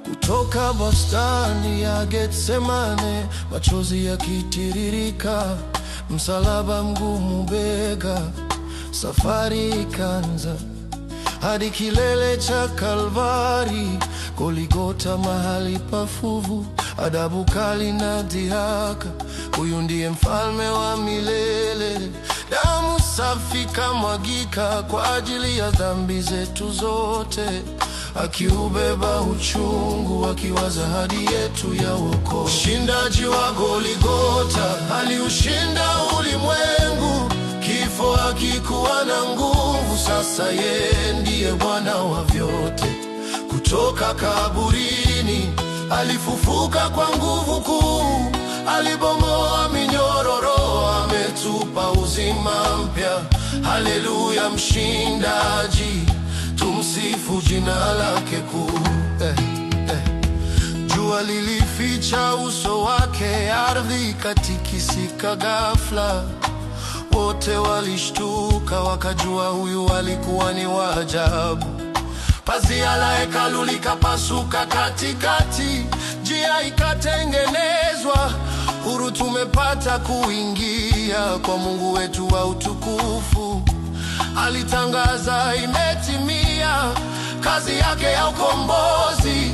Kutoka bustani ya Getsemane, machozi yakitiririka, msalaba mgumu bega, safari ikanza hadi kilele cha Kalvari, Goligota, mahali pafuvu adabu kali na dhihaka. Huyu ndiye mfalme wa milele, damu safi kamwagika kwa ajili ya dhambi zetu zote, akiubeba uchungu, akiwaza hadi yetu ya wokovu. Mshindaji wa Goligota aliushinda ulimwengu, kifo akikuwa na nguvu. Sasa yeye ndiye Bwana wa vyote, kutoka kaburini Alifufuka kwa nguvu kuu, alibomoa minyororo, ametupa uzima mpya. Haleluya, mshindaji, tumsifu jina lake kuu. Eh, eh. Jua lilificha uso wake, ardhi ikatikisika ghafla. Wote walishtuka, wakajua huyu alikuwa ni wa ajabu. Pazia la hekalu likapasuka katikati, njia ikatengenezwa huru, tumepata kuingia kwa Mungu wetu wa utukufu. Alitangaza imetimia, kazi yake ya ukombozi,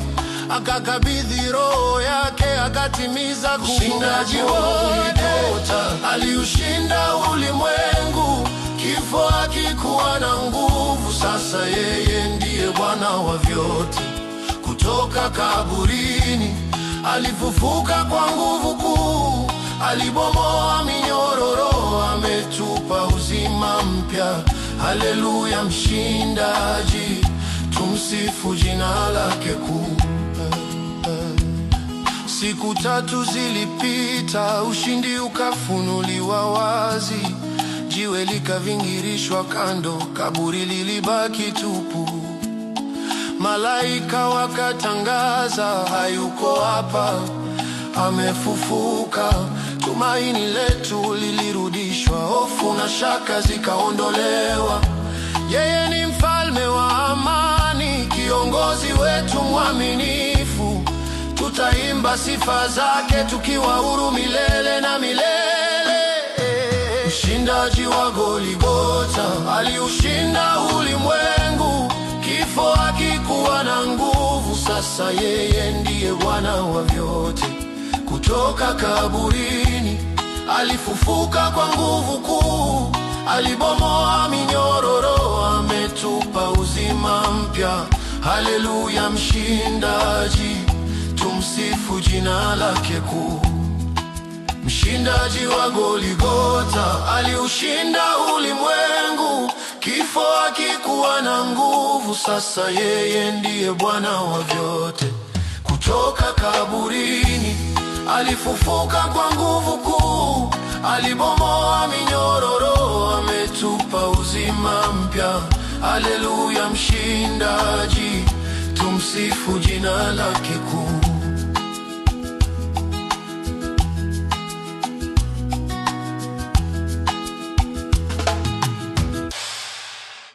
akakabidhi roho yake, akatimiza ushindaji wote. Aliushinda ulimwengu, kifo akikuwa na nguvu. Sasa yeye yote kutoka kaburini. Alifufuka kwa nguvu kuu, alibomoa minyororo, ametupa uzima mpya. Haleluya, mshindaji, tumsifu jina lake kuu. Siku tatu zilipita, ushindi ukafunuliwa wazi, jiwe likavingirishwa kando, kaburi lilibaki tupu malaika wakatangaza, hayuko hapa, amefufuka. Tumaini letu lilirudishwa, hofu na shaka zikaondolewa. Yeye ni mfalme wa amani, kiongozi wetu mwaminifu. Tutaimba sifa zake tukiwa huru milele na milele. Mshindaji wa Golgotha aliushinda ulimwengu, kifo nguvu, sasa yeye ndiye Bwana wa vyote. Kutoka kaburini alifufuka kwa nguvu kuu, alibomoa minyororo, ametupa uzima mpya. Haleluya, mshindaji, tumsifu jina lake kuu. Mshindaji wa Goligota aliushinda ulimwengu, kifo hakikuwa na nguvu nguvu, sasa yeye ndiye Bwana wa vyote. Kutoka kaburini alifufuka kwa nguvu kuu, alibomoa minyororo, ametupa uzima mpya. Aleluya, mshindaji, tumsifu jina lake kuu.